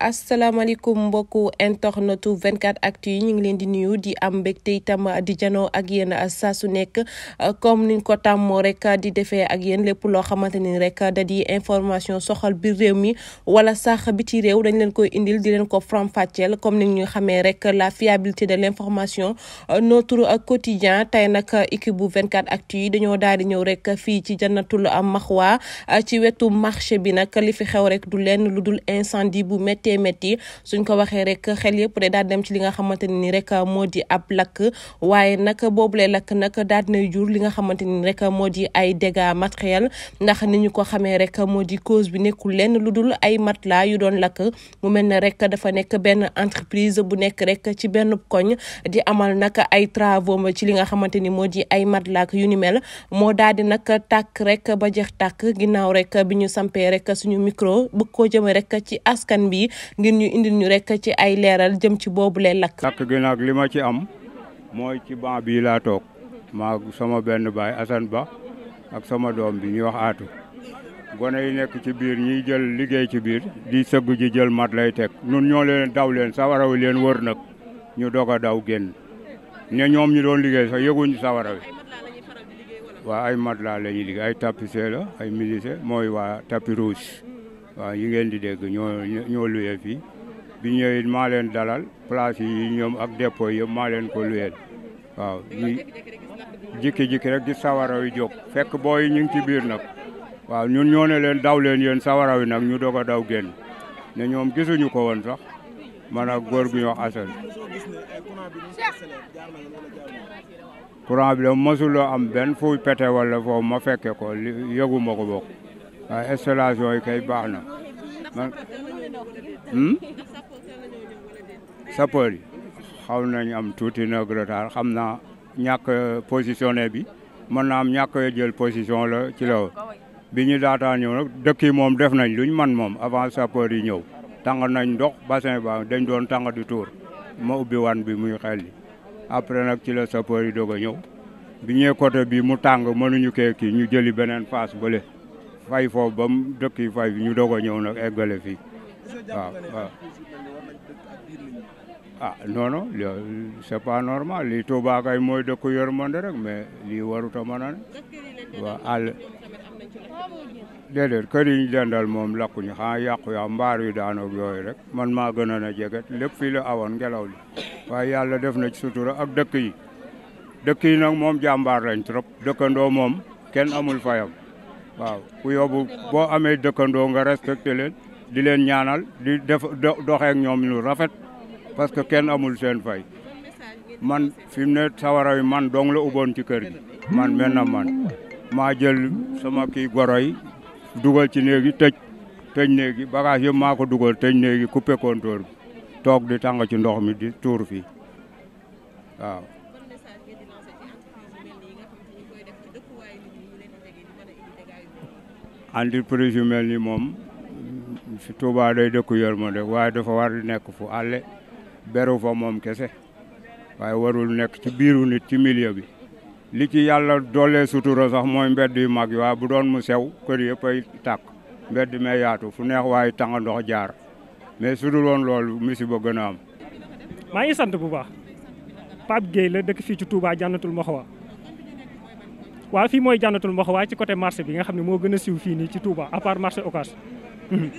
asalaamaaleykum mbokku vingt 24 actu yi ñu ngi leen di nuyu di am mbégte itam di janoo ak yéen saa su nekk comme niñ ko tàmmoo rek di defee ak yéen lépp loo xamante ni rek da di information soxal bi réew mi wala sax biti réew dañ leen koy indil di leen ko faram-fàcceel comme ni ñu xamee rek la fiabilité de l' information euh, notre quotidien tey nag équipe bu 24 actu yi dañoo daal di ñëw rek fii ci jannatul maxwa euh, ci wetu marché bi nag li fi xew rek du leen lu dul bu métti méttee métti suñ ko waxee rek xel yëpp de daal dem ci li nga xamante ne ni rek moo di ab lakk waaye nag boobulee lakk nag daal nay jur li nga xamante ni rek moo di ay dégâts matériels ndax ni ñu ko xamee rek moo di cause bi nekkul lenn lu dul ay matelas yu doon lakk mu mel ne rek dafa nekk benn entreprise bu nekk rek ci benn koñ di amal nag ay travaux ci li nga xamante ni moo di ay matelaak yu ni mel moo daal di nag tàkk rek ba jeex tàkk ginnaaw rek bi ñu sampee rek suñu micro bëgg koo jëmee rek ci askan bi ngir ñu indi ñu rek ci ay leeral jëm ci boobule lakk. lakk gi nag li ma ci am mooy ci ban bii laa toog maa sama benn baay Assane Ba ak sama doom bi ñuy wax aatu gone yi nekk ci biir ñiy jël liggéey ci biir di sëgg ji jël mat lay teg nun ñoo leen daw leen sawara leen wër nag ñu doog a daw génn ne ñoom ñu doon liggéey sax yëguñu sawara wi ay mat laa la ñuy liggéey ay tapissé la ay menuisier mooy waa tapis rouge waaw yi ngeen di dégg ñoo ñoo bi ñëwee maa leen dalal place yi ñoom ak dépôt yëpp maa leen ko luyeel waaw ñu jikki-jikki rek di sawara yu jóg fekk booy ñu ngi ci biir nag waaw ñun ñoo ne leen daw leen yéen sawara wi nag ñu doog a daw génn ne ñoom gisuñu ko woon sax man ak góor gu ñu wax Assane courant bi am benn fuy pete wala foofu ma fekke ko yëguma ko bokk waaw installation yi kay baax na man hmm? yi xaw nañ am tuuti nag retard xam naa ñàkk positionné bi mën naa am ñàkk jël position la ci la bi ñu daataan nag dëkk yi moom def nañ luñ man moom avant sapeur yi ñëw tàng nañ ndox bassin ba dañ doon tàng di tuur ma ubbi wan bi muy xel li après nag ci la sapeur yi doog a ñëw bi ñëwee côté bi mu tàng mënuñu kee kii ñu jëli beneen face bële fay foofu ba mu dëkk fay ñu doog a ñëw na eggale fi waaw waaw ah non non c'est pas normal lii Touba kay mooy dëkk yërmande rek mais lii warut a mën a ne ñu dendal moom lakkuñu xanaa yàqu yaa mbaar yu daanoog yooyu rek man ma gën a na jeget lépp fii la awoon ngelaw li waaye yàlla def na ci sutura ak dëkk yi dëkk yi nag moom jàmbaar lañ trop dëkkandoo moom kenn amul fayam waaw ku yóbbu boo amee dëkkandoo nga respecté leen di leen ñaanal di def doxeek ñoom lu rafet parce que kenn amul seen fay man fi ne sawara yi man dong la uboon ci kër gi man mel na man maa jël sama kii goro yi dugal ci néegi tëj tëj néegi bagage yëpp maa ko dugal tëj néegi coupé compteur toog di tàng ci ndox mi di tuur fii waaw entreprise yu mel ni moom fi Touba day dëkku yërmande waaye dafa war di nekk fu àlle beru fa moom kese waaye warul nekk ci biiru nit ci milieu bi li ci yàlla doolee sutura mooy mbedd yu mag yi waaye bu doon mu sew kër yëpp ay tàkk mbedd mee fu neex waaye tanga ndox jaar mais su lool woon loolu gën a am maa ngi sant bu baax Pape Gueye la dëkk fii Touba Jannatul Mahwa waaw fii mooy jànnatul mboq waaye ci côté marché bi nga xam ne moo gën a siiw fii nii ci Touba à part marché Ocass mhm.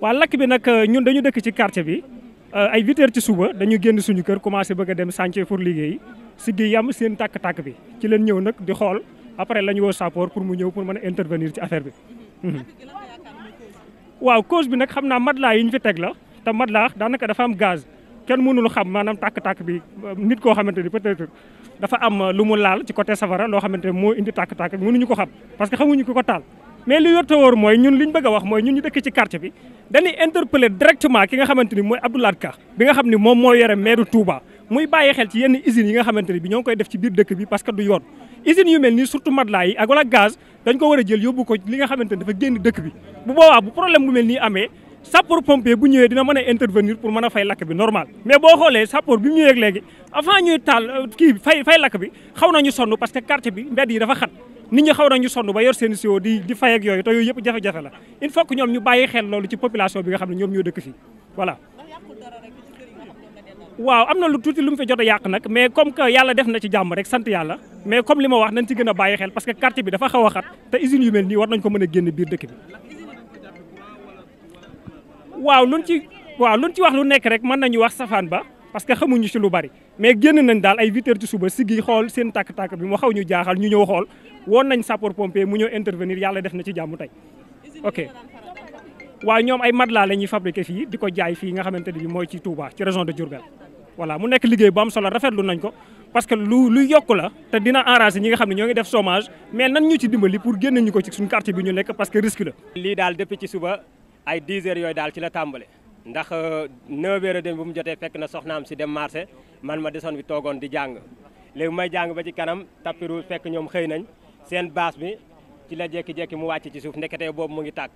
waaw lakk bi nag euh, ñun dañu dëkk ci quartier bi euh, ay 8 ci suba dañu génn suñu kër commencé bëgg a dem chantier pour liggéey si gi yam seen tàkk-tàkk bi ci leen ñëw nag di xool après la ñu woo sapeur pour mu ñëw pour mën a intervenir ci affaire bi mhm. waaw cause bi nag xam naa matelas yi ñu fi teg la te matelas daanaka dafa am gaz kenn mënul xam maanaam tàkk-tàkk bi nit koo xamante ni peut-être dafa am lu mu laal ci côté safara loo xamante moo indi tàkk-tàkk bi mënuñu ko xam parce que xamuñu ko ko taal mais li yorta wóor mooy ñun li bëgg a wax mooy ñun ñu dëkk ci quartier bi dañuy interpeller directement ki nga xamante ni mooy Abdoulaye Ka bi nga xam ni moom moo yore maire Touba muy bàyyi xel ci yenn usines yi nga xamante ni bi ñoo ngi koy def ci biir dëkk bi parce que du yoon ko war nga xamante ni dafa génn dëkk bi bu sapeur pompier bu ñëwee dina mën a intervenir pour mën a fay lakk bi normal mais boo xoolee sapeur bi mu ñëwee léegi avant ñuy taal euh, kii fay fay lakk bi xaw nañu sonn parce que quartier bi mbedd yi dafa xat nit ñi xaw nañu sonn ba yor seen siwo di di fay yooyu te yooyu yëpp jafe-jafe la il faut que ñoom ñu bàyyi xel loolu ci population bi nga xam ne ñoom ñoo dëkk fii voilà waaw am na lu tuuti lu mu fi jot a yàq nag mais comme que yàlla def na ci jàmm rek sant yàlla mais comme wax nañ a bàyyi xel parce que quartier bi dafa a xat te usines yu mel nii war nañ ko mën a waaw luñ ci waaw luñ wax lu nekk rek mën nañu wax safaan ba parce que xamuñu ci lu bari mais génn nañ daal ay 8 heures ci suba siggi xool seen tàkk-tàkk bi mu xaw ñu jaaxal ñu ñëw xool woon nañ sapeur pompier mu ñëw intervenir yàlla def na ci jàmm tey ok waaw ñoom ay matelas la ñuy fabriqué fii di ko jaay fii nga xamante ne bi mooy ci Touba ci région de Diourbel voilà mu nekk liggéey bu am solo rafetlu nañ ko parce que lu yokk la te dina enrager ñi nga xam ne ñoo ngi def chômage mais nan ñu ci dimbali pour que risque la lii ay 10 heures yooyu daal ci la tàmbale ndax 9 euh, heures dem bu mu jotee fekk na soxnaam si dem marché man ma desoon bi toogoon di jàng léegi may jàng ba ci kanam tappiru fekk ñoom xëy nañ seen baas bi ci la jekki jekki mu wàcc ci suuf ndekete boobu mu ngi tàkk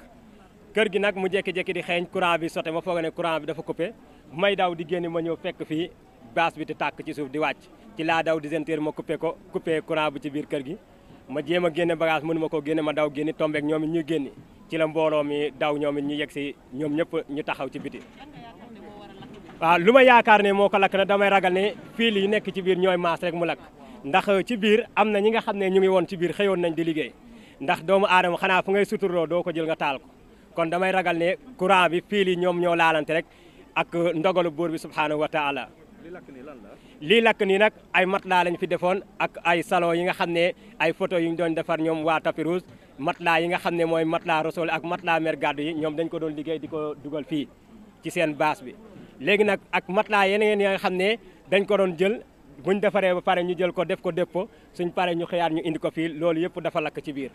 kër gi nag mu jekki jékki di xeeñ courant bi sote ma foog ne courant bi dafa coupé may daw di génn ma ñëw fekk fii baas bi di tàkk ci suuf di wàcc ci laa daw di sentir ma coupé ko kuppe courant bi ci biir kër gi ma jéem a génne bagage mënu ma koo génne ma daw génni tombeek ñoom it ñuy ci la mbooloo mi daw ñoom it ñu yegg si ñoom ñëpp ñu taxaw ci biti. waaw lu ma yaakaar ne moo ko lakk na damay ragal ne fil ñu nekk ci biir ñooy maas rek mu lakk ndax ci biir am na ñi nga xam ne ñu ngi woon ci biir xëyoon nañ di liggéey ndax doomu aadama xanaa fu ngay suturloo doo ko jël nga taal ko kon damay ragal ne courant bi fil yi ñoom ñoo laalante rek ak ndogalu buur bi subhaanahu wa taala. lii lakk nii nag ay matelas lañ fi defoon ak ay salon yi nga xam ne ay photo yu ñu doon defar ñoom waa tapis matelas yi nga xam ne mooy matelas rosol ak matelas mer gàddu yi ñoom dañ ko doon liggéey di ko dugal fii ci seen baas bi léegi nag ak matelas yeneen yi nga xam ne dañ ko doon jël buñ defaree ba pare ñu jël ko def ko dépôt suñ paree ñu xëyaat ñu indi ko fii loolu yëpp dafa lakk ci biir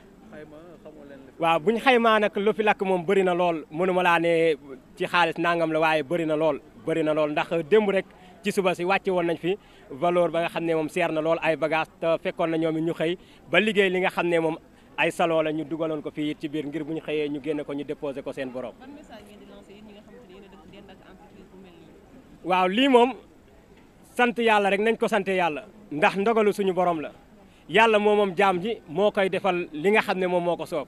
waaw bu buñ xaymaa nag lu fi lakk moom bëri na lool mënuma laa ne ci xaalis nangam la waaye bëri na lool bari na lool ndax démb rek ci suba si wàcce woon nañ fi valeur ba nga xam ne moom seer na lool ay bagage fekkoon na ñoom ñu xëy ba liggéey li nga xam ne moom ay salon la ñu dugaloon ko fii it ci biir ngir bu ñu xëyee ñu génne ko ñu déposé ko seen borom. waaw lii moom sant yàlla rek nañ ko sant yàlla. ndax ndogalu suñu borom la. yàlla moo moom jaam ji moo koy defal li nga xam ne moom moo ko soob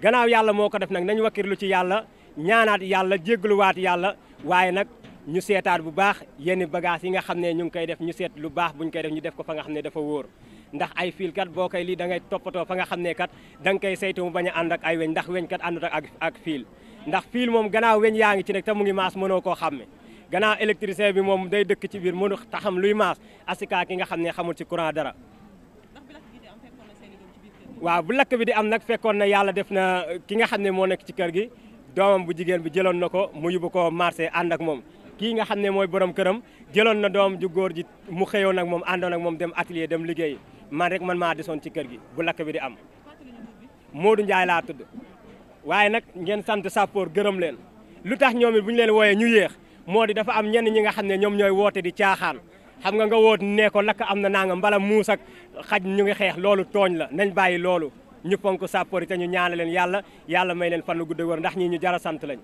gannaaw yàlla moo ko def nag nañ wakkirlu ci yàlla ñaanaat yàlla jégluwaat yàlla waaye nag ñu seetaat bu baax yenn bagage yi nga xam ne ñu ngi koy def ñu seet lu baax buñ koy def ñu def ko fa nga xam ne dafa wóor ndax ay fil kat boo koy lii da ngay toppatoo fa nga xam ne kat danga nga koy saytu mu bañ a ànd ak ay weñ ndax weñ kat àndut ak ak fil ndax fiil moom ganaaw weñ yaa ngi ci nekk te mu ngi maas mënoo koo xàmme ganaaw électricien bi moom day dëkk ci biir mënu taxam luy maas asika ki nga xam ne xamul ci courant dara waaw bu lakk bi di am nag fekkoon na yàlla def na ki nga xam ne moo nekk ci kër gi doomam bu jigéen bi jëloon na ko mu yóbbu ko marché ànd ak moom kii nga xam ne mooy borom këram jëloon na doom ju góor ji mu xëyoon nag moom àndoon ak moom dem atelier dem liggéey man rek man maa desoon ci kër gi bu lakk bi di am Modou njaay laa tudd waaye nag ngeen sant sappoor gërëm leen lu tax ñoom bu ñu leen wooyee ñu yéex moo di dafa am ñenn ñi nga xam ne ñoom ñooy woote di caaxaan xam nga nga woot nee ko lakk am na naa nga mbala muus ak xaj ñu ngi xeex loolu tooñ la nañ bàyyi loolu ñu ponk sappoor yi te ñu ñaana leen yàlla yàlla may leen fan lu ndax ñii ñu jara sant lañ